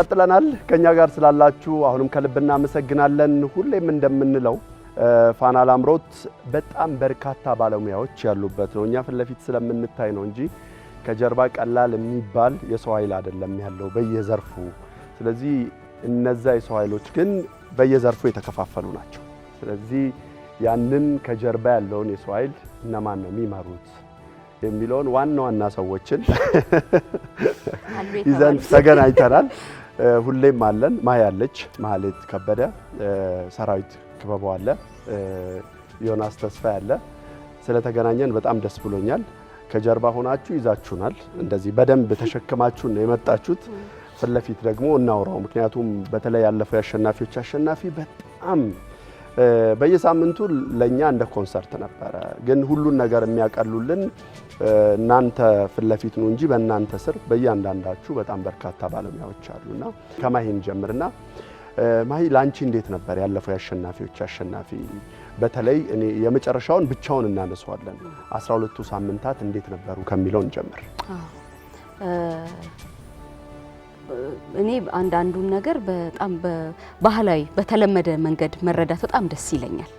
ቀጥለናል። ከኛ ጋር ስላላችሁ አሁንም ከልብ እናመሰግናለን። ሁሌም እንደምንለው ፋና ላምሮት በጣም በርካታ ባለሙያዎች ያሉበት ነው። እኛ ፊት ለፊት ስለምንታይ ነው እንጂ ከጀርባ ቀላል የሚባል የሰው ኃይል አይደለም ያለው በየዘርፉ። ስለዚህ እነዛ የሰው ኃይሎች ግን በየዘርፉ የተከፋፈሉ ናቸው። ስለዚህ ያንን ከጀርባ ያለውን የሰው ኃይል እነማን ነው የሚመሩት የሚለውን ዋና ዋና ሰዎችን ይዘን ተገናኝተናል። ሁሌም አለን። ማያለች ማህሌት ከበደ፣ ሰራዊት ክበቡ አለ፣ ዮናስ ተስፋ ያለ። ስለተገናኘን በጣም ደስ ብሎኛል። ከጀርባ ሆናችሁ ይዛችሁናል። እንደዚህ በደንብ ተሸክማችሁ ነው የመጣችሁት። ፊት ለፊት ደግሞ እናውራው። ምክንያቱም በተለይ ያለፈው የአሸናፊዎች አሸናፊ በጣም በየሳምንቱ ለእኛ እንደ ኮንሰርት ነበረ። ግን ሁሉን ነገር የሚያቀሉልን እናንተ ፊት ለፊት ነው እንጂ በእናንተ ስር በእያንዳንዳችሁ በጣም በርካታ ባለሙያዎች አሉና ከማሂን ጀምርና ማሂ ለአንቺ እንዴት ነበር ያለፈው የአሸናፊዎች አሸናፊ? በተለይ እኔ የመጨረሻውን ብቻውን እናነሳዋለን አስራ ሁለቱ ሳምንታት እንዴት ነበሩ ከሚለው እንጀምር። እኔ አንዳንዱን ነገር በጣም በባህላዊ በተለመደ መንገድ መረዳት በጣም ደስ ይለኛል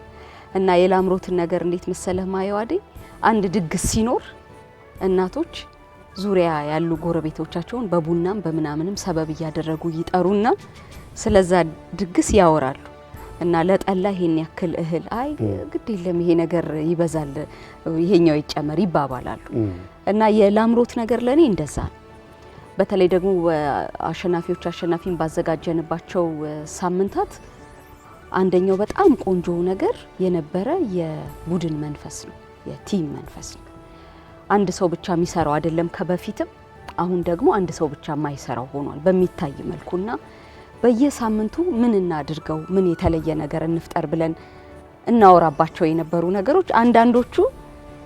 እና የላምሮትን ነገር እንዴት መሰለህ ማየው አንድ ድግስ ሲኖር እናቶች ዙሪያ ያሉ ጎረቤቶቻቸውን በቡናም በምናምንም ሰበብ እያደረጉ ይጠሩና ስለዛ ድግስ ያወራሉ እና ለጠላ ይሄን ያክል እህል አይ ግድ የለም ይሄ ነገር ይበዛል፣ ይሄኛው ይጨመር ይባባላሉ። እና የላምሮት ነገር ለእኔ እንደዛ ነው። በተለይ ደግሞ አሸናፊዎች አሸናፊን ባዘጋጀንባቸው ሳምንታት አንደኛው በጣም ቆንጆ ነገር የነበረ የቡድን መንፈስ ነው፣ የቲም መንፈስ ነው። አንድ ሰው ብቻ የሚሰራው አይደለም ከበፊትም፣ አሁን ደግሞ አንድ ሰው ብቻ የማይሰራው ሆኗል በሚታይ መልኩና በየሳምንቱ ምን እናድርገው፣ ምን የተለየ ነገር እንፍጠር ብለን እናወራባቸው የነበሩ ነገሮች አንዳንዶቹ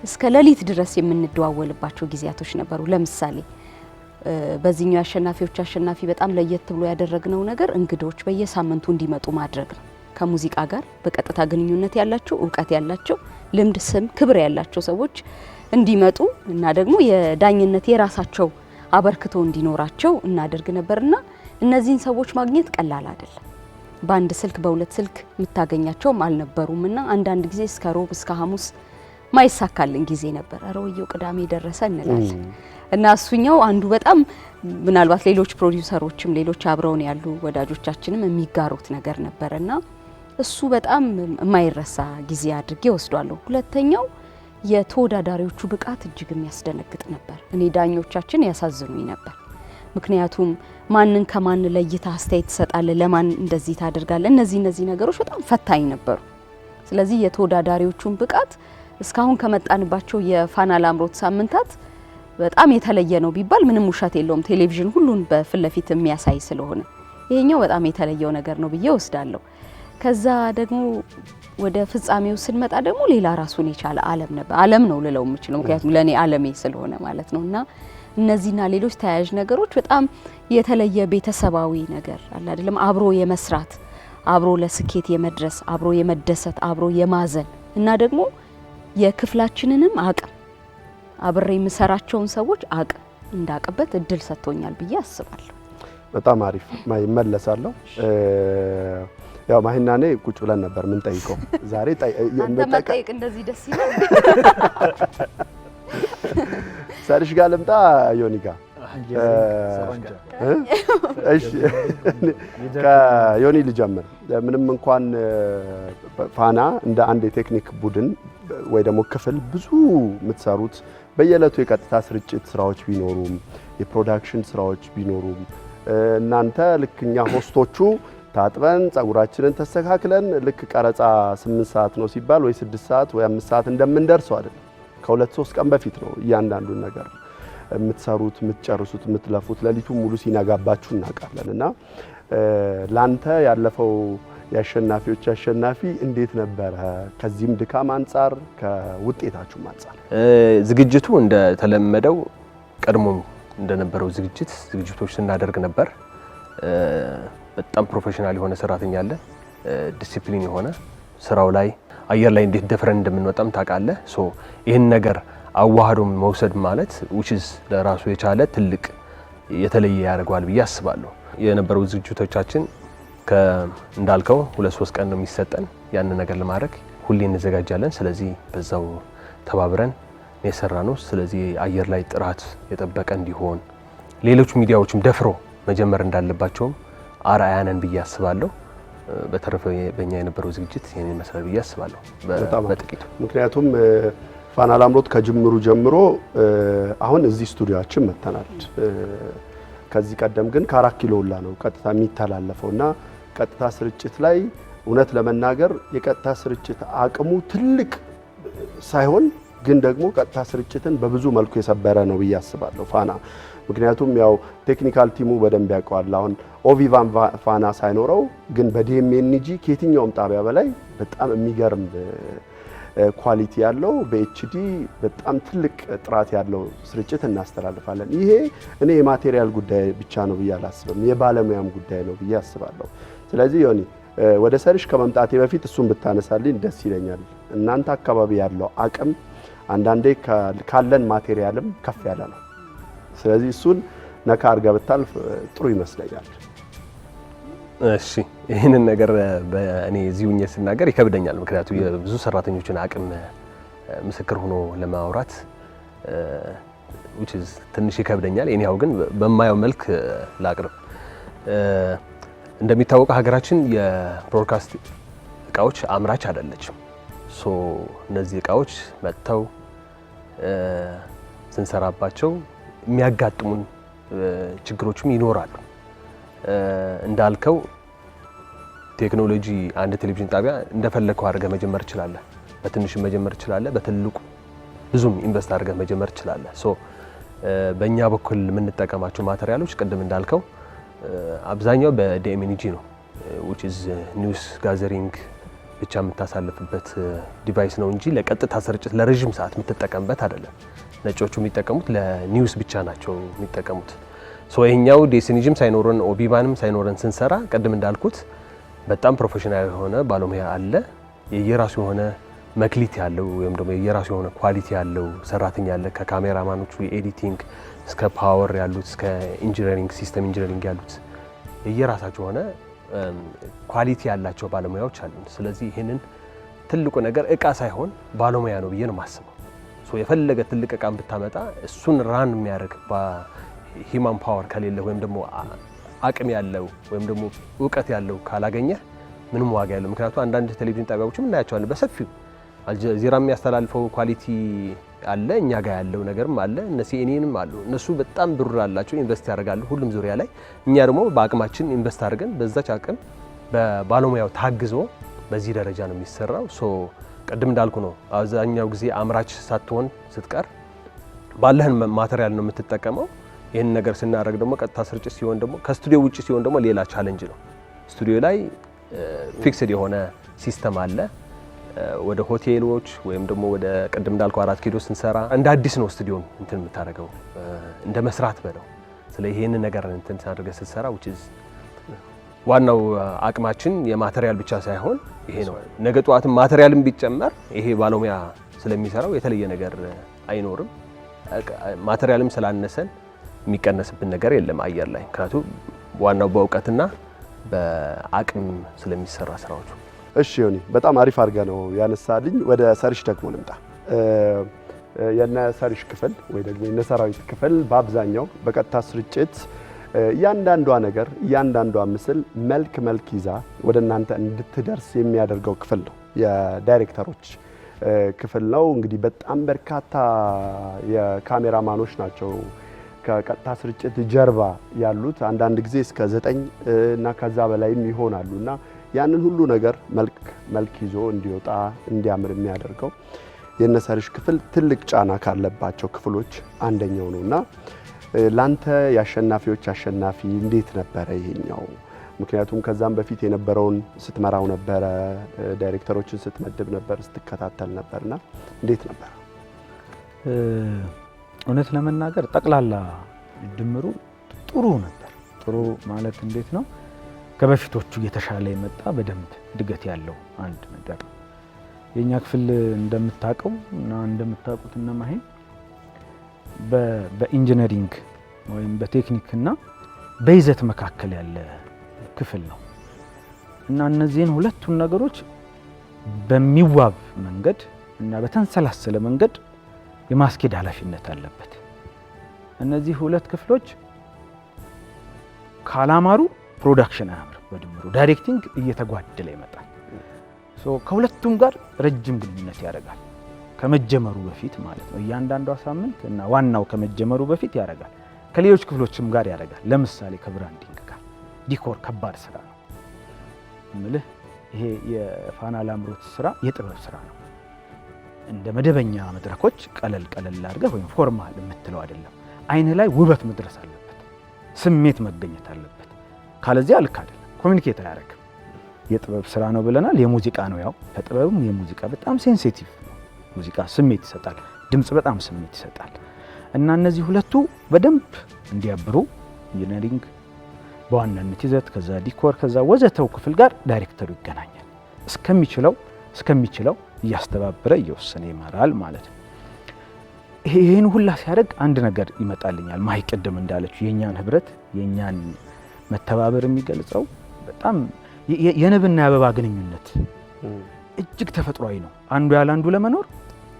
እስከ ሌሊት ድረስ የምንደዋወልባቸው ጊዜያቶች ነበሩ። ለምሳሌ በዚህኛው አሸናፊዎች አሸናፊ በጣም ለየት ብሎ ያደረግነው ነገር እንግዶች በየሳምንቱ እንዲመጡ ማድረግ ነው። ከሙዚቃ ጋር በቀጥታ ግንኙነት ያላቸው እውቀት ያላቸው ልምድ፣ ስም፣ ክብር ያላቸው ሰዎች እንዲመጡ እና ደግሞ የዳኝነት የራሳቸው አበርክቶ እንዲኖራቸው እናደርግ ነበርና እነዚህን ሰዎች ማግኘት ቀላል አይደለም። በአንድ ስልክ በሁለት ስልክ የምታገኛቸውም አልነበሩም እና አንዳንድ ጊዜ እስከ ሮብ እስከ ሐሙስ ማይሳካልን ጊዜ ነበር። ረውየው ቅዳሜ ደረሰ እንላለን። እና እሱኛው አንዱ በጣም ምናልባት ሌሎች ፕሮዲውሰሮችም ሌሎች አብረውን ያሉ ወዳጆቻችንም የሚጋሩት ነገር ነበር እና እሱ በጣም የማይረሳ ጊዜ አድርጌ ወስዷለሁ። ሁለተኛው የተወዳዳሪዎቹ ብቃት እጅግ የሚያስደነግጥ ነበር። እኔ ዳኞቻችን ያሳዝኑኝ ነበር። ምክንያቱም ማንን ከማን ለይታ አስተያየት ትሰጣለ ለማን እንደዚህ ታደርጋለ፣ እነዚህ እነዚህ ነገሮች በጣም ፈታኝ ነበሩ። ስለዚህ የተወዳዳሪዎቹን ብቃት እስካሁን ከመጣንባቸው የፋና ላምሮት ሳምንታት በጣም የተለየ ነው ቢባል ምንም ውሸት የለውም። ቴሌቪዥን ሁሉን በፊት ለፊት የሚያሳይ ስለሆነ ይሄኛው በጣም የተለየው ነገር ነው ብዬ ወስዳለሁ። ከዛ ደግሞ ወደ ፍጻሜው ስንመጣ ደግሞ ሌላ ራሱን የቻለ ዓለም ነበር። ዓለም ነው ልለው የምችለው ምክንያቱም ለእኔ ዓለሜ ስለሆነ ማለት ነው። እና እነዚህና ሌሎች ተያያዥ ነገሮች በጣም የተለየ ቤተሰባዊ ነገር አለ አይደለም፣ አብሮ የመስራት አብሮ ለስኬት የመድረስ አብሮ የመደሰት አብሮ የማዘን እና ደግሞ የክፍላችንንም አቅም አብሬ የምሰራቸውን ሰዎች አቅ እንዳቅበት እድል ሰጥቶኛል ብዬ አስባለሁ። በጣም አሪፍ ይመለሳለሁ። ያው ማሂና እኔ ቁጭ ብለን ነበር ምን ጠይቀው ዛሬ መጠየቅ እንደዚህ ደስ ይላል። ሰርሽ ጋር ልምጣ ዮኒ ከዮኒ ልጀምር። ምንም እንኳን ፋና እንደ አንድ የቴክኒክ ቡድን ወይ ደግሞ ክፍል ብዙ የምትሰሩት በየዕለቱ የቀጥታ ስርጭት ስራዎች ቢኖሩም የፕሮዳክሽን ስራዎች ቢኖሩም እናንተ ልክ እኛ ሆስቶቹ ታጥበን ጸጉራችንን ተስተካክለን ልክ ቀረጻ ስምንት ሰዓት ነው ሲባል ወይ ስድስት ሰዓት ወይ አምስት ሰዓት እንደምንደርሰው አይደለም። ከሁለት ሶስት ቀን በፊት ነው እያንዳንዱን ነገር የምትሰሩት የምትጨርሱት፣ የምትለፉት ሌሊቱ ሙሉ ሲነጋባችሁ እናውቃለን እና ለአንተ ያለፈው የአሸናፊዎች አሸናፊ እንዴት ነበረ? ከዚህም ድካም አንጻር ከውጤታችሁም አንጻር ዝግጅቱ እንደተለመደው ቀድሞ እንደነበረው ዝግጅት ዝግጅቶች ስናደርግ ነበር። በጣም ፕሮፌሽናል የሆነ ሰራተኛ አለ። ዲሲፕሊን የሆነ ስራው ላይ አየር ላይ እንዴት ደፍረን እንደምንወጣም ታውቃለህ። ሶ ይህን ነገር አዋህዶ መውሰድ ማለት ውችዝ ለራሱ የቻለ ትልቅ የተለየ ያደርገዋል ብዬ አስባለሁ። የነበረው ዝግጅቶቻችን እንዳልከው ሁለት ሶስት ቀን ነው የሚሰጠን ያንን ነገር ለማድረግ ሁሌ እንዘጋጃለን። ስለዚህ በዛው ተባብረን የሰራ ነው። ስለዚህ አየር ላይ ጥራት የጠበቀ እንዲሆን ሌሎች ሚዲያዎችም ደፍሮ መጀመር እንዳለባቸውም አርአያ ነን ብዬ አስባለሁ። በተረፈ በእኛ የነበረው ዝግጅት ይህንን መሰረት ብዬ አስባለሁ በጥቂቱ። ምክንያቱም ፋና ላምሮት ከጅምሩ ጀምሮ አሁን እዚህ ስቱዲዮችን መጥተናል። ከዚህ ቀደም ግን ከአራት ኪሎ ሁላ ነው ቀጥታ የሚተላለፈው እና ቀጥታ ስርጭት ላይ እውነት ለመናገር የቀጥታ ስርጭት አቅሙ ትልቅ ሳይሆን ግን ደግሞ ቀጥታ ስርጭትን በብዙ መልኩ የሰበረ ነው ብዬ አስባለሁ ፋና። ምክንያቱም ያው ቴክኒካል ቲሙ በደንብ ያውቀዋል። አሁን ኦቪቫን ፋና ሳይኖረው ግን በዲኤምኤንጂ ከየትኛውም ጣቢያ በላይ በጣም የሚገርም ኳሊቲ ያለው በኤችዲ በጣም ትልቅ ጥራት ያለው ስርጭት እናስተላልፋለን። ይሄ እኔ የማቴሪያል ጉዳይ ብቻ ነው ብዬ አላስብም፣ የባለሙያም ጉዳይ ነው ብዬ አስባለሁ። ስለዚህ ዮኒ ወደ ሰርሽ ከመምጣቴ በፊት እሱን ብታነሳልኝ ደስ ይለኛል። እናንተ አካባቢ ያለው አቅም አንዳንዴ ካለን ማቴሪያልም ከፍ ያለ ነው። ስለዚህ እሱን ነካ አድርጋ ብታልፍ ጥሩ ይመስለኛል። እሺ ይህንን ነገር እኔ እዚሁ ስናገር ይከብደኛል። ምክንያቱም የብዙ ሰራተኞችን አቅም ምስክር ሆኖ ለማውራት ትንሽ ይከብደኛል። እኔ ያው ግን በማየው መልክ ላቅርብ እንደሚታወቀው ሀገራችን የብሮድካስት እቃዎች አምራች አይደለችም። ሶ እነዚህ እቃዎች መጥተው ስንሰራባቸው የሚያጋጥሙን ችግሮችም ይኖራሉ። እንዳልከው ቴክኖሎጂ አንድ ቴሌቪዥን ጣቢያ እንደፈለግከው አድርገ መጀመር ይችላለ። በትንሹ መጀመር ይችላለ፣ በትልቁ ብዙም ኢንቨስት አድርገ መጀመር ይችላለ። ሶ በእኛ በኩል የምንጠቀማቸው ማቴሪያሎች ቅድም እንዳልከው አብዛኛው በዲኤምኤንጂ ነው ዊች ኢዝ ኒውስ ጋዘሪንግ ብቻ የምታሳልፍበት ዲቫይስ uh, ነው እንጂ ለቀጥታ ስርጭት ለረዥም ሰዓት የምትጠቀምበት አይደለም። ነጮቹ የሚጠቀሙት ለኒውስ ብቻ ናቸው የሚጠቀሙት። ሶ ይህኛው ዴሲኒጅም ሳይኖረን ኦቢባንም ሳይኖረን ስንሰራ ቅድም እንዳልኩት በጣም ፕሮፌሽናል የሆነ ባለሙያ አለ የየራሱ የሆነ መክሊት ያለው ወይም ደግሞ የራሱ የሆነ ኳሊቲ ያለው ሰራተኛ ያለ ከካሜራማኖቹ የኤዲቲንግ እስከ ፓወር ያሉት እስከ ኢንጂነሪንግ ሲስተም ኢንጂነሪንግ ያሉት የየራሳቸው የሆነ ኳሊቲ ያላቸው ባለሙያዎች አሉ ስለዚህ ይህንን ትልቁ ነገር እቃ ሳይሆን ባለሙያ ነው ብዬ ነው ማስበው። የፈለገ ትልቅ እቃን ብታመጣ እሱን ራን የሚያደርግ ሂማን ፓወር ከሌለ ወይም ደግሞ አቅም ያለው ወይም ደግሞ እውቀት ያለው ካላገኘ ምንም ዋጋ ያለው። ምክንያቱም አንዳንድ ቴሌቪዥን ጣቢያዎችም እናያቸዋለን በሰፊው አልጀዚራ የሚያስተላልፈው ኳሊቲ አለ፣ እኛ ጋር ያለው ነገርም አለ። እነ ሲኤንኤንም አሉ። እነሱ በጣም ብር አላቸው፣ ኢንቨስት ያደርጋሉ ሁሉም ዙሪያ ላይ። እኛ ደግሞ በአቅማችን ኢንቨስት አድርገን በዛች አቅም በባለሙያው ታግዞ በዚህ ደረጃ ነው የሚሰራው። ሶ ቅድም እንዳልኩ ነው አብዛኛው ጊዜ አምራች ሳትሆን ስትቀር ባለህን ማቴሪያል ነው የምትጠቀመው። ይህን ነገር ስናደርግ ደግሞ ቀጥታ ስርጭት ሲሆን ደግሞ ከስቱዲዮ ውጭ ሲሆን ደግሞ ሌላ ቻለንጅ ነው። ስቱዲዮ ላይ ፊክስድ የሆነ ሲስተም አለ። ወደ ሆቴሎች ወይም ደግሞ ወደ ቅድም እንዳልኩ አራት ኪሎ ስንሰራ እንደ አዲስ ነው ስቱዲዮም እንትን የምታደርገው እንደ መስራት በለው። ስለ ይሄንን ነገር እንትን አድርገህ ስትሰራ ዋናው አቅማችን የማቴሪያል ብቻ ሳይሆን ይሄ ነው። ነገ ጠዋትም ማቴሪያልም ቢጨመር ይሄ ባለሙያ ስለሚሰራው የተለየ ነገር አይኖርም። ማቴሪያልም ስላነሰን የሚቀነስብን ነገር የለም አየር ላይ ምክንያቱም ዋናው በእውቀትና በአቅም ስለሚሰራ ስራዎች እሺ ዮኒ በጣም አሪፍ አድርገ ነው ያነሳልኝ። ወደ ሰርሽ ደግሞ ልምጣ። የነ ሰርሽ ክፍል ወይ ደግሞ የነ ሰራዊት ክፍል በአብዛኛው በቀጥታ ስርጭት እያንዳንዷ ነገር እያንዳንዷ ምስል መልክ መልክ ይዛ ወደ እናንተ እንድትደርስ የሚያደርገው ክፍል ነው፣ የዳይሬክተሮች ክፍል ነው። እንግዲህ በጣም በርካታ የካሜራማኖች ናቸው ከቀጥታ ስርጭት ጀርባ ያሉት። አንዳንድ ጊዜ እስከ ዘጠኝ እና ከዛ በላይም ይሆናሉ እና ያንን ሁሉ ነገር መልክ መልክ ይዞ እንዲወጣ እንዲያምር የሚያደርገው የነሰርሽ ክፍል ትልቅ ጫና ካለባቸው ክፍሎች አንደኛው ነው እና ላንተ የአሸናፊዎች አሸናፊ እንዴት ነበረ ይሄኛው? ምክንያቱም ከዛም በፊት የነበረውን ስትመራው ነበረ፣ ዳይሬክተሮችን ስትመድብ ነበር፣ ስትከታተል ነበርና እንዴት ነበር? እውነት ለመናገር ጠቅላላ ድምሩ ጥሩ ነበር። ጥሩ ማለት እንዴት ነው ከበፊቶቹ እየተሻለ የመጣ በደንብ እድገት ያለው አንድ ነገር የእኛ ክፍል እንደምታውቀው እና እንደምታውቁት እና ማሄን በኢንጂነሪንግ ወይም በቴክኒክ እና በይዘት መካከል ያለ ክፍል ነው እና እነዚህን ሁለቱን ነገሮች በሚዋብ መንገድ እና በተንሰላሰለ መንገድ የማስኬድ ኃላፊነት አለበት። እነዚህ ሁለት ክፍሎች ካላማሩ ፕሮዳክሽን አያምርም። በድምሩ ዳይሬክቲንግ እየተጓደለ ይመጣል። ከሁለቱም ጋር ረጅም ግንኙነት ያደርጋል። ከመጀመሩ በፊት ማለት ነው። እያንዳንዷ ሳምንት እና ዋናው ከመጀመሩ በፊት ያደርጋል። ከሌሎች ክፍሎችም ጋር ያደርጋል። ለምሳሌ ከብራንዲንግ ጋር ዲኮር ከባድ ስራ ነው እምልህ። ይሄ የፋና ላምሮት ስራ የጥበብ ስራ ነው። እንደ መደበኛ መድረኮች ቀለል ቀለል አድርገህ ወይም ፎርማል የምትለው አይደለም። አይንህ ላይ ውበት መድረስ አለበት። ስሜት መገኘት አለበት። ካለዚያ ልክ አይደለም፣ ኮሚኒኬት አያደርግም። የጥበብ ስራ ነው ብለናል፣ የሙዚቃ ነው። ያው ከጥበብም የሙዚቃ በጣም ሴንሲቲቭ ነው። ሙዚቃ ስሜት ይሰጣል፣ ድምፅ በጣም ስሜት ይሰጣል። እና እነዚህ ሁለቱ በደንብ እንዲያብሩ ኢንጂነሪንግ በዋናነት ይዘት፣ ከዛ ዲኮር፣ ከዛ ወዘተው ክፍል ጋር ዳይሬክተሩ ይገናኛል። እስከሚችለው እስከሚችለው እያስተባበረ እየወሰነ ይመራል ማለት ነው። ይህን ሁላ ሲያደርግ አንድ ነገር ይመጣልኛል። ማይ ቅድም እንዳለችው የእኛን ህብረት የእኛን መተባበር የሚገልጸው በጣም የንብና የአበባ ግንኙነት እጅግ ተፈጥሯዊ ነው። አንዱ ያለ አንዱ ለመኖር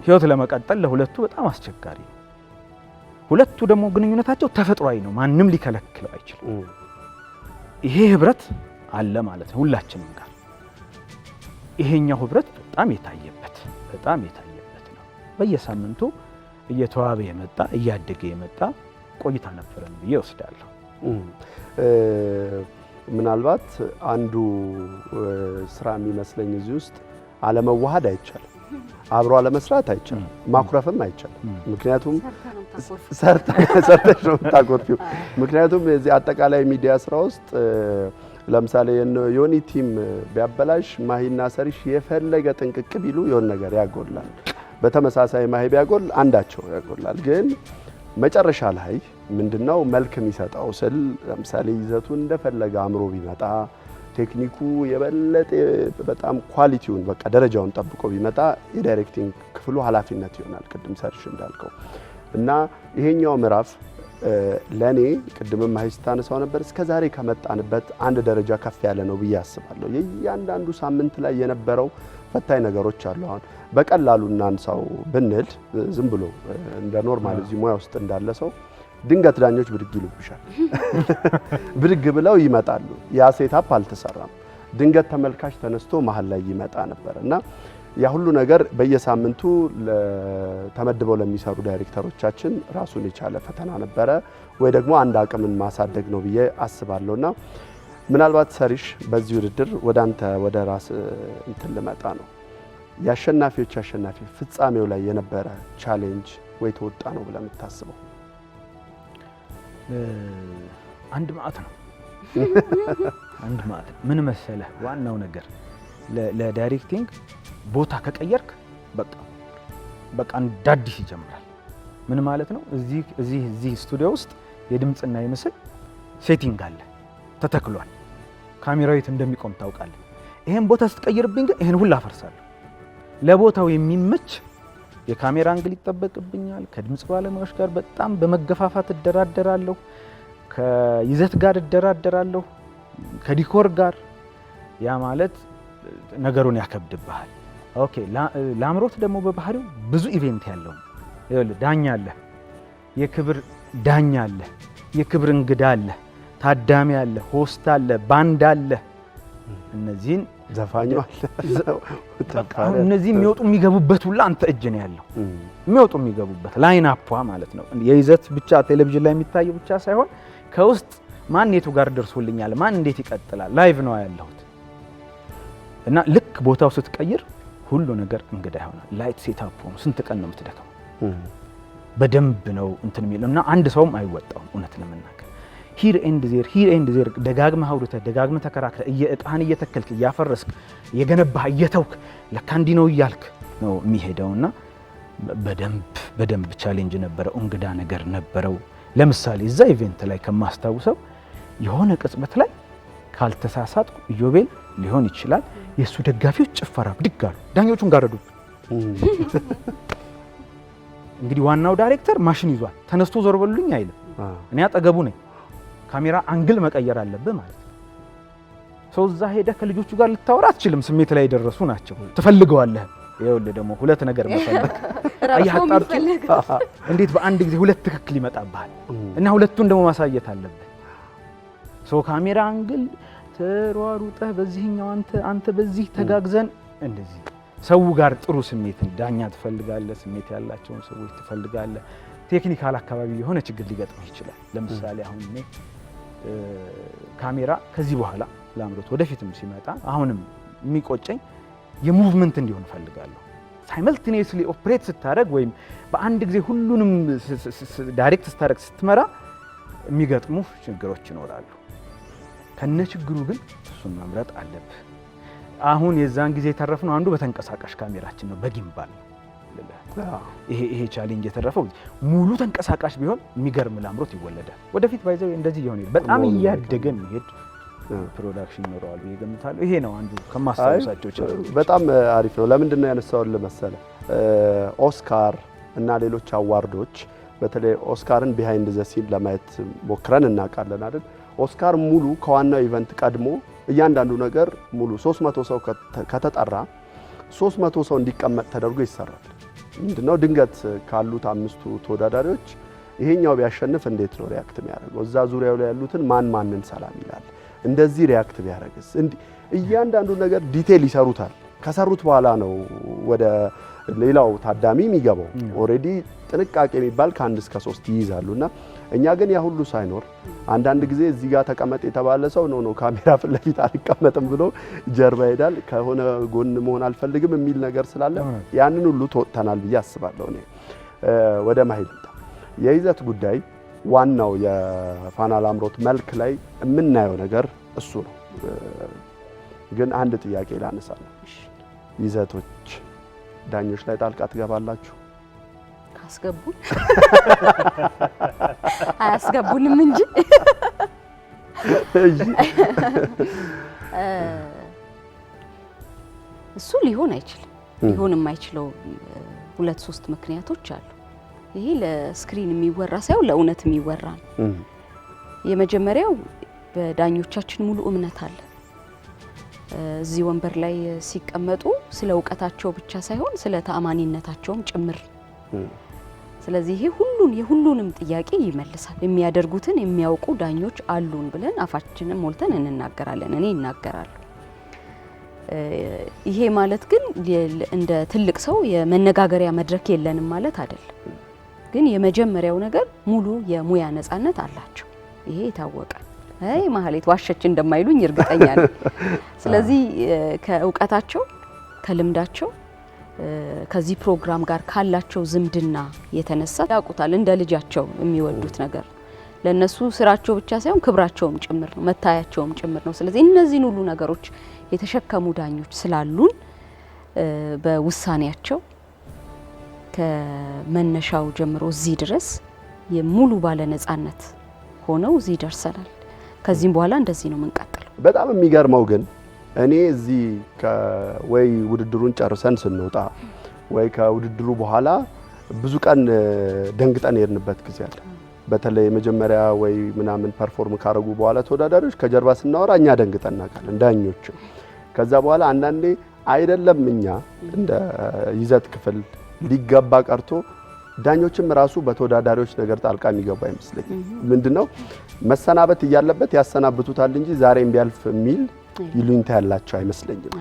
ህይወት ለመቀጠል ለሁለቱ በጣም አስቸጋሪ ነው። ሁለቱ ደግሞ ግንኙነታቸው ተፈጥሯዊ ነው፣ ማንም ሊከለክለው አይችልም። ይሄ ህብረት አለ ማለት ነው ሁላችንም ጋር ይሄኛው ህብረት በጣም የታየበት በጣም የታየበት ነው። በየሳምንቱ እየተዋበ የመጣ እያደገ የመጣ ቆይታ ነበረን ብዬ እወስዳለሁ። ምናልባት አንዱ ስራ የሚመስለኝ እዚህ ውስጥ አለመዋሃድ አይቻልም፣ አብሮ አለመስራት አይቻልም፣ ማኩረፍም አይቻልም። ምክንያቱም ሰርተሽ ነው የምታኮርፊው። ምክንያቱም የዚህ አጠቃላይ ሚዲያ ስራ ውስጥ ለምሳሌ ዮኒ ቲም ቢያበላሽ ማሂና ሰሪሽ የፈለገ ጥንቅቅ ቢሉ የሆነ ነገር ያጎላል። በተመሳሳይ ማሂ ቢያጎል አንዳቸው ያጎላል። ግን መጨረሻ ላይ ምንድነው መልክ የሚሰጠው ስል ለምሳሌ ይዘቱ እንደፈለገ አምሮ ቢመጣ ቴክኒኩ የበለጠ በጣም ኳሊቲውን በቃ ደረጃውን ጠብቆ ቢመጣ የዳይሬክቲንግ ክፍሉ ኃላፊነት ይሆናል። ቅድም ሰርሽ እንዳልከው እና ይሄኛው ምዕራፍ ለእኔ ቅድምም ማይስታን ሰው ነበር እስከ ዛሬ ከመጣንበት አንድ ደረጃ ከፍ ያለ ነው ብዬ አስባለሁ። የእያንዳንዱ ሳምንት ላይ የነበረው ፈታኝ ነገሮች አሉ። አሁን በቀላሉ እናንሳው ብንል ዝም ብሎ እንደ ኖርማል እዚህ ሙያ ውስጥ እንዳለ ሰው ድንገት ዳኞች ብድግ ይሉብሻል። ብድግ ብለው ይመጣሉ። ያ ሴታፕ አልተሰራም። ድንገት ተመልካች ተነስቶ መሀል ላይ ይመጣ ነበር እና ያ ሁሉ ነገር በየሳምንቱ ተመድበው ለሚሰሩ ዳይሬክተሮቻችን ራሱን የቻለ ፈተና ነበረ፣ ወይ ደግሞ አንድ አቅምን ማሳደግ ነው ብዬ አስባለሁ እና ምናልባት ሰሪሽ በዚህ ውድድር ወደ አንተ ወደ ራስ እንትን ልመጣ ነው የአሸናፊዎች አሸናፊ ፍጻሜው ላይ የነበረ ቻሌንጅ ወይ ተወጣ ነው ብለህ የምታስበው? አንድ ማዕት ነው። አንድ ማዕት ምን መሰለ ዋናው ነገር ለዳይሬክቲንግ ቦታ ከቀየርክ በቃ በቃ እንዳዲስ ይጀምራል። ምን ማለት ነው? እዚህ እዚህ እዚህ ስቱዲዮ ውስጥ የድምፅና የምስል ሴቲንግ አለ ተተክሏል። ካሜራው የት እንደሚቆም ታውቃለህ። ይሄን ቦታ ስትቀይርብኝ ግን ይሄን ሁላ አፈርሳለሁ። ለቦታው የሚመች የካሜራ አንግል ይጠበቅብኛል። ከድምፅ ባለሙያዎች ጋር በጣም በመገፋፋት እደራደራለሁ። ከይዘት ጋር እደራደራለሁ፣ ከዲኮር ጋር። ያ ማለት ነገሩን ያከብድብሃል። ኦኬ። ላምሮት ደግሞ በባህሪው ብዙ ኢቬንት ያለው ዳኛ አለ፣ የክብር ዳኛ አለ፣ የክብር እንግዳ አለ፣ ታዳሚ አለ፣ ሆስት አለ፣ ባንድ አለ። እነዚህን ዘፋኝ እነዚህ የሚወጡ የሚገቡበት ሁላ አንተ እጅ ነው ያለው። የሚወጡ የሚገቡበት ላይን አፓ ማለት ነው። የይዘት ብቻ ቴሌቪዥን ላይ የሚታየው ብቻ ሳይሆን ከውስጥ ማን የቱ ጋር ደርሶልኛል፣ ማን እንዴት ይቀጥላል፣ ላይቭ ነው ያለሁት እና ልክ ቦታው ስትቀይር ሁሉ ነገር እንግዳ ይሆናል። ላይት ሴታፕ ሆኖ ስንት ቀን ነው የምትደከመው? በደንብ ነው እንትን የሚለው እና አንድ ሰውም አይወጣውም እውነት ለመናገር ሂር ኤንድ ዜር ሂር ኤንድ ዜር ደጋግመህ አውርተህ ደጋግመህ ተከራክረህ እጣህን እየተከልክ እያፈረስክ እየገነባህ እየተውክ ለካ እንዲህ ነው እያልክ ነው የሚሄደውና በደንብ በደንብ ቻሌንጅ ነበረው። እንግዳ ነገር ነበረው። ለምሳሌ እዛ ኢቬንት ላይ ከማስታውሰው የሆነ ቅጽበት ላይ ካልተሳሳትኩ ኢዮቤል ሊሆን ይችላል የእሱ ደጋፊዎች ጭፈራ ብድግ አሉ፣ ዳኞቹን ጋረዱት። እንግዲህ ዋናው ዳይሬክተር ማሽን ይዟል። ተነስቶ ዞር በሉልኝ አይልም። እኔ አጠገቡ ነኝ። ካሜራ አንግል መቀየር አለብህ ማለት ነው። ሰው እዛ ሄደህ ከልጆቹ ጋር ልታወራ አትችልም። ስሜት ላይ የደረሱ ናቸው። ትፈልገዋለህ። ይኸውልህ ደግሞ ሁለት ነገር መፈለግ አያጣጡ እንዴት በአንድ ጊዜ ሁለት ትክክል ይመጣብሃል እና ሁለቱን ደግሞ ማሳየት አለብህ። ሰው ካሜራ አንግል ተሯሩጠህ በዚህኛው አንተ በዚህ ተጋግዘን እንደዚህ ሰው ጋር ጥሩ ስሜት ዳኛ ትፈልጋለህ። ስሜት ያላቸውን ሰዎች ትፈልጋለህ። ቴክኒካል አካባቢ የሆነ ችግር ሊገጥም ይችላል። ለምሳሌ አሁን እኔ ካሜራ ከዚህ በኋላ ለአምሮት ወደፊትም ሲመጣ አሁንም የሚቆጨኝ የሙቭመንት እንዲሆን እፈልጋለሁ። ሳይመልቲኔስሊ ኦፕሬት ስታደረግ ወይም በአንድ ጊዜ ሁሉንም ዳይሬክት ስታደረግ ስትመራ የሚገጥሙ ችግሮች ይኖራሉ። ከነ ችግሩ ግን እሱን መምረጥ አለብህ። አሁን የዛን ጊዜ የተረፍነው አንዱ በተንቀሳቃሽ ካሜራችን ነው በጊምባል ይሄ ይሄ ቻሌንጅ የተረፈው ሙሉ ተንቀሳቃሽ ቢሆን የሚገርም ላምሮት ይወለዳል። ወደፊት ባይዘው እንደዚህ ይሆን በጣም እያደገ የሚሄድ ፕሮዳክሽን ይኖረዋል ብዬ እገምታለሁ። ይሄ ነው አንዱ ከማስታወሳቸው። በጣም አሪፍ ነው። ለምንድን ነው ያነሳውን መሰለ ኦስካር እና ሌሎች አዋርዶች በተለይ ኦስካርን ቢሃይንድ ዘ ሲን ለማየት ሞክረን እናውቃለን አይደል? ኦስካር ሙሉ ከዋናው ኢቨንት ቀድሞ እያንዳንዱ ነገር ሙሉ 300 ሰው ከተጠራ 300 ሰው እንዲቀመጥ ተደርጎ ይሰራል። ምንድነው ድንገት ካሉት አምስቱ ተወዳዳሪዎች ይሄኛው ቢያሸንፍ እንዴት ነው ሪያክት የሚያደርገው? እዛ ዙሪያው ላይ ያሉትን ማን ማንን ሰላም ይላል? እንደዚህ ሪያክት ቢያደርግስ? እያንዳንዱ ነገር ዲቴል ይሰሩታል። ከሰሩት በኋላ ነው ወደ ሌላው ታዳሚ የሚገባው። ኦልሬዲ ጥንቃቄ የሚባል ከአንድ እስከ ሶስት ይይዛሉ እና እኛ ግን ያ ሁሉ ሳይኖር አንዳንድ ጊዜ እዚህ ጋር ተቀመጥ የተባለ ሰው ነው ነው ካሜራ ፊት ለፊት አልቀመጥም ብሎ ጀርባ ይሄዳል። ከሆነ ጎን መሆን አልፈልግም የሚል ነገር ስላለ ያንን ሁሉ ተወጥተናል ብዬ አስባለሁ። እኔ ወደ ማሄድ የይዘት ጉዳይ ዋናው የፋና ላምሮት መልክ ላይ የምናየው ነገር እሱ ነው። ግን አንድ ጥያቄ ላነሳ ነው። ይዘቶች ዳኞች ላይ ጣልቃ ትገባላችሁ? አያስገቡን አያስገቡንም እንጂ እሱ ሊሆን አይችልም። ሊሆን የማይችለው ሁለት ሶስት ምክንያቶች አሉ። ይሄ ለስክሪን የሚወራ ሳይሆን ለእውነት የሚወራ ነው። የመጀመሪያው በዳኞቻችን ሙሉ እምነት አለ። እዚህ ወንበር ላይ ሲቀመጡ ስለ እውቀታቸው ብቻ ሳይሆን ስለ ተአማኒነታቸውም ጭምር ስለዚህ ይሄ ሁሉን የሁሉንም ጥያቄ ይመልሳል። የሚያደርጉትን የሚያውቁ ዳኞች አሉን ብለን አፋችንን ሞልተን እንናገራለን። እኔ ይናገራሉ። ይሄ ማለት ግን እንደ ትልቅ ሰው የመነጋገሪያ መድረክ የለንም ማለት አይደለም። ግን የመጀመሪያው ነገር ሙሉ የሙያ ነጻነት አላቸው። ይሄ የታወቀ አይ ማህሌት ዋሸች እንደማይሉኝ እርግጠኛ ነኝ። ስለዚህ ከእውቀታቸው ከልምዳቸው ከዚህ ፕሮግራም ጋር ካላቸው ዝምድና የተነሳ ያውቁታል። እንደ ልጃቸው የሚወዱት ነገር ለእነሱ ስራቸው ብቻ ሳይሆን ክብራቸውም ጭምር ነው፣ መታያቸውም ጭምር ነው። ስለዚህ እነዚህን ሁሉ ነገሮች የተሸከሙ ዳኞች ስላሉን በውሳኔያቸው ከመነሻው ጀምሮ እዚህ ድረስ የሙሉ ባለ ነጻነት ሆነው እዚህ ደርሰናል። ከዚህም በኋላ እንደዚህ ነው የምንቀጥለው። በጣም የሚገርመው ግን እኔ እዚህ ወይ ውድድሩን ጨርሰን ስንወጣ ወይ ከውድድሩ በኋላ ብዙ ቀን ደንግጠን የሄድንበት ጊዜ አለ። በተለይ መጀመሪያ ወይ ምናምን ፐርፎርም ካደረጉ በኋላ ተወዳዳሪዎች ከጀርባ ስናወራ እኛ ደንግጠን እናውቃለን፣ ዳኞችም። ከዛ በኋላ አንዳንዴ አይደለም እኛ እንደ ይዘት ክፍል ሊገባ ቀርቶ ዳኞችም ራሱ በተወዳዳሪዎች ነገር ጣልቃ የሚገባ አይመስለኝ። ምንድነው መሰናበት እያለበት ያሰናብቱታል እንጂ ዛሬም ቢያልፍ የሚል ይሉኝታ ያላቸው አይመስለኝም።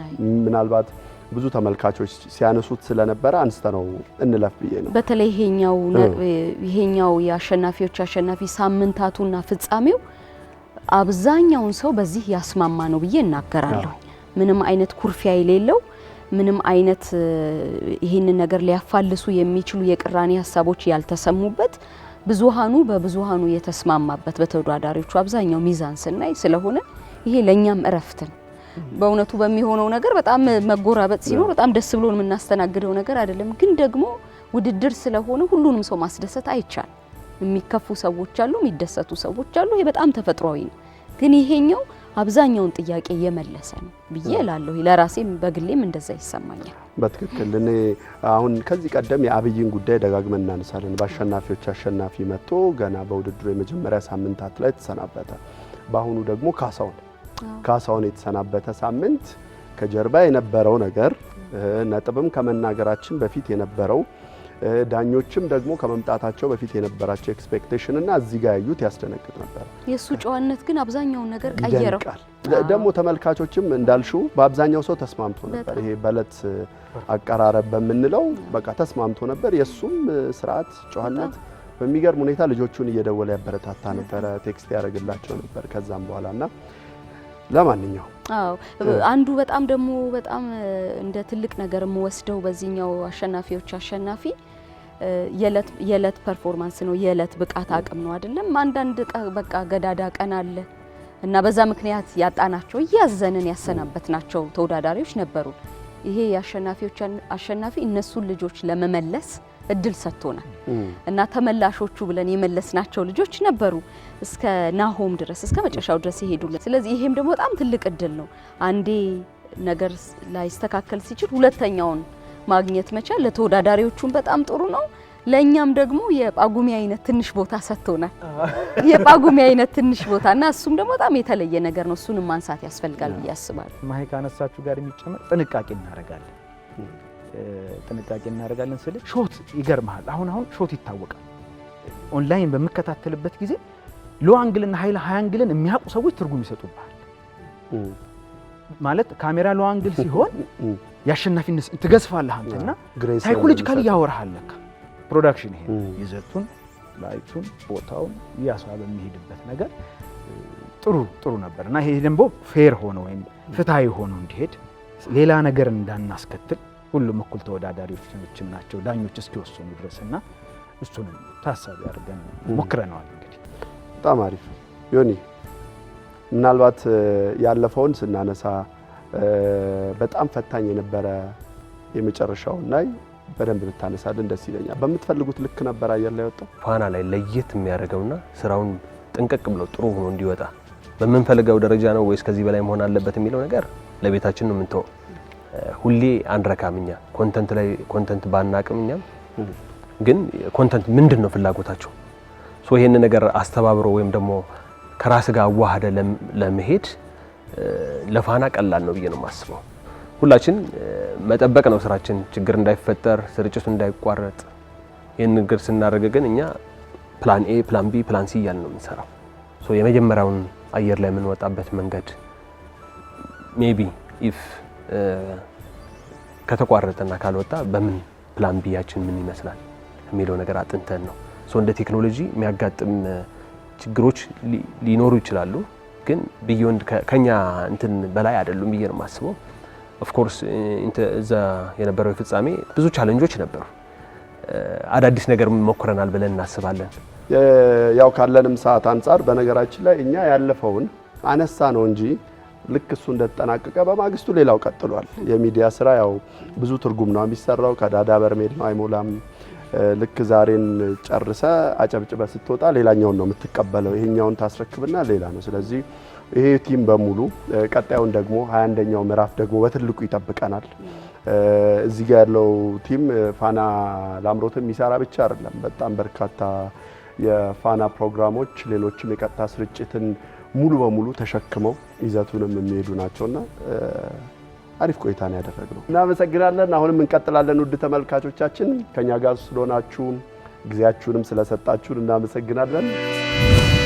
ምናልባት ብዙ ተመልካቾች ሲያነሱት ስለነበረ አንስተ ነው እንለፍ ብዬ ነው። በተለይ ይሄኛው የአሸናፊዎች አሸናፊ ሳምንታቱና ፍጻሜው አብዛኛውን ሰው በዚህ ያስማማ ነው ብዬ እናገራለሁ። ምንም አይነት ኩርፊያ የሌለው ምንም አይነት ይህንን ነገር ሊያፋልሱ የሚችሉ የቅራኔ ሀሳቦች ያልተሰሙበት ብዙሃኑ በብዙሃኑ የተስማማበት በተወዳዳሪዎቹ አብዛኛው ሚዛን ስናይ ስለሆነ ይሄ ለእኛም እረፍት ነው። በእውነቱ በሚሆነው ነገር በጣም መጎራበጥ ሲኖር በጣም ደስ ብሎን የምናስተናግደው ነገር አይደለም። ግን ደግሞ ውድድር ስለሆነ ሁሉንም ሰው ማስደሰት አይቻልም። የሚከፉ ሰዎች አሉ፣ የሚደሰቱ ሰዎች አሉ። ይሄ በጣም ተፈጥሯዊ ነው። ግን ይሄኛው አብዛኛውን ጥያቄ የመለሰ ነው ብዬ ላለሁ ለራሴም በግሌም እንደዛ ይሰማኛል። በትክክል እኔ አሁን ከዚህ ቀደም የአብይን ጉዳይ ደጋግመን እናነሳለን። በአሸናፊዎች አሸናፊ መጥቶ ገና በውድድሩ የመጀመሪያ ሳምንታት ላይ ተሰናበተ። በአሁኑ ደግሞ ካሳውን ካሳሁን የተሰናበተ ሳምንት ከጀርባ የነበረው ነገር ነጥብም ከመናገራችን በፊት የነበረው ዳኞችም ደግሞ ከመምጣታቸው በፊት የነበራቸው ኤክስፔክቴሽን እና እዚህ ጋር ያዩት ያስደነግጥ ነበር። የእሱ ጨዋነት ግን አብዛኛውን ነገር ቀየረው። ደግሞ ተመልካቾችም እንዳልሹ በአብዛኛው ሰው ተስማምቶ ነበር። ይሄ በለት አቀራረብ በምንለው በቃ ተስማምቶ ነበር። የእሱም ስርዓት ጨዋነት በሚገርም ሁኔታ ልጆቹን እየደወለ ያበረታታ ነበረ፣ ቴክስት ያደርግላቸው ነበር ከዛም በኋላ እና ለማንኛው አንዱ በጣም ደግሞ በጣም እንደ ትልቅ ነገር የምወስደው በዚህኛው አሸናፊዎች አሸናፊ የዕለት ፐርፎርማንስ ነው፣ የዕለት ብቃት አቅም ነው አይደለም። አንዳንድ በቃ ገዳዳ ቀን አለ እና በዛ ምክንያት ያጣናቸው እያዘንን ያሰናበትናቸው ተወዳዳሪዎች ነበሩ። ይሄ የአሸናፊዎች አሸናፊ እነሱን ልጆች ለመመለስ እድል ሰጥቶናል እና ተመላሾቹ ብለን የመለስናቸው ልጆች ነበሩ እስከ ናሆም ድረስ እስከ መጨረሻው ድረስ ይሄዱልን። ስለዚህ ይሄም ደግሞ በጣም ትልቅ እድል ነው። አንዴ ነገር ላይስተካከል ሲችል ሁለተኛውን ማግኘት መቻል ለተወዳዳሪዎቹም በጣም ጥሩ ነው። ለእኛም ደግሞ የጳጉሜ አይነት ትንሽ ቦታ ሰጥቶናል። የጳጉሜ አይነት ትንሽ ቦታ እና እሱም ደግሞ በጣም የተለየ ነገር ነው። እሱንም ማንሳት ያስፈልጋል ብዬ አስባለሁ። ማይክ አነሳችሁ ጋር የሚጨመር ጥንቃቄ እናደርጋለን። ጥንቃቄ እናደርጋለን ስል ሾት ይገርመሃል። አሁን አሁን ሾት ይታወቃል። ኦንላይን በምከታተልበት ጊዜ ሎ አንግልና ሀይል ሀይ አንግልን የሚያውቁ ሰዎች ትርጉም ይሰጡብሃል። ማለት ካሜራ ሎ አንግል ሲሆን የአሸናፊነት ትገዝፋለህ አንተና ሳይኮሎጂካል እያወራሃል። ፕሮዳክሽን ይሄ ይዘቱን ላይቱን ቦታውን እያሷ በሚሄድበት ነገር ጥሩ ጥሩ ነበር እና ይሄ ደንቦ ፌር ሆነ ወይም ፍትሐዊ ሆኖ እንዲሄድ ሌላ ነገር እንዳናስከትል ሁሉም እኩል ተወዳዳሪዎች ናቸው ዳኞች እስኪወስኑ ድረስ እና እሱንም ታሳቢ አድርገን ሞክረነዋል። እንግዲህ በጣም አሪፍ ዮኒ፣ ምናልባት ያለፈውን ስናነሳ በጣም ፈታኝ የነበረ የመጨረሻውን ላይ በደንብ ብታነሳልን ደስ ይለኛል። በምትፈልጉት ልክ ነበር አየር ላይ ወጣው። ፋና ላይ ለየት የሚያደርገውና ስራውን ጥንቅቅ ብሎ ጥሩ ሆኖ እንዲወጣ በምንፈልገው ደረጃ ነው ወይስ ከዚህ በላይ መሆን አለበት የሚለው ነገር ለቤታችን ነው የምንተወው። ሁሌ አንረካም። እኛ ኮንተንት ላይ ኮንተንት ባናቅም እኛም ግን ኮንተንት ምንድን ነው ፍላጎታቸው ሶ ይሄን ነገር አስተባብሮ ወይም ደግሞ ከራስ ጋር አዋሃደ ለመሄድ ለፋና ቀላል ነው ብዬ ነው የማስበው። ሁላችን መጠበቅ ነው ስራችን፣ ችግር እንዳይፈጠር፣ ስርጭቱ እንዳይቋረጥ። ይህን ነገር ስናደርግ ግን እኛ ፕላን ኤ፣ ፕላን ቢ፣ ፕላን ሲ እያልን ነው የምንሰራው። የመጀመሪያውን አየር ላይ የምንወጣበት መንገድ ሜቢ ኢፍ ከተቋረጠና ካልወጣ በምን ፕላን ቢያችን ምን ይመስላል የሚለው ነገር አጥንተን ነው። እንደ ቴክኖሎጂ የሚያጋጥም ችግሮች ሊኖሩ ይችላሉ፣ ግን ቢዮንድ ከኛ እንትን በላይ አይደሉም ብዬ ነው የማስበው። ኦፍኮርስ እዛ የነበረው የፍጻሜ ብዙ ቻለንጆች ነበሩ። አዳዲስ ነገር ሞክረናል ብለን እናስባለን። ያው ካለንም ሰዓት አንጻር በነገራችን ላይ እኛ ያለፈውን አነሳ ነው እንጂ ልክ እሱ እንደተጠናቀቀ በማግስቱ ሌላው ቀጥሏል። የሚዲያ ስራ ያው ብዙ ትርጉም ነው የሚሰራው። ከዳዳ በርሜል ነው አይሞላም። ልክ ዛሬን ጨርሰ አጨብጭበ ስትወጣ ሌላኛውን ነው የምትቀበለው። ይሄኛውን ታስረክብና ሌላ ነው። ስለዚህ ይሄ ቲም በሙሉ ቀጣዩን ደግሞ ሀያ አንደኛው ምዕራፍ ደግሞ በትልቁ ይጠብቀናል። እዚህ ጋር ያለው ቲም ፋና ላምሮት የሚሰራ ብቻ አይደለም። በጣም በርካታ የፋና ፕሮግራሞች፣ ሌሎችም የቀጥታ ስርጭትን ሙሉ በሙሉ ተሸክመው ይዘቱንም የሚሄዱ ናቸውና አሪፍ ቆይታ ነው ያደረግነው። እናመሰግናለን። አሁንም እንቀጥላለን። ውድ ተመልካቾቻችን ከኛ ጋር ስለሆናችሁ ጊዜያችሁንም ስለሰጣችሁን እናመሰግናለን።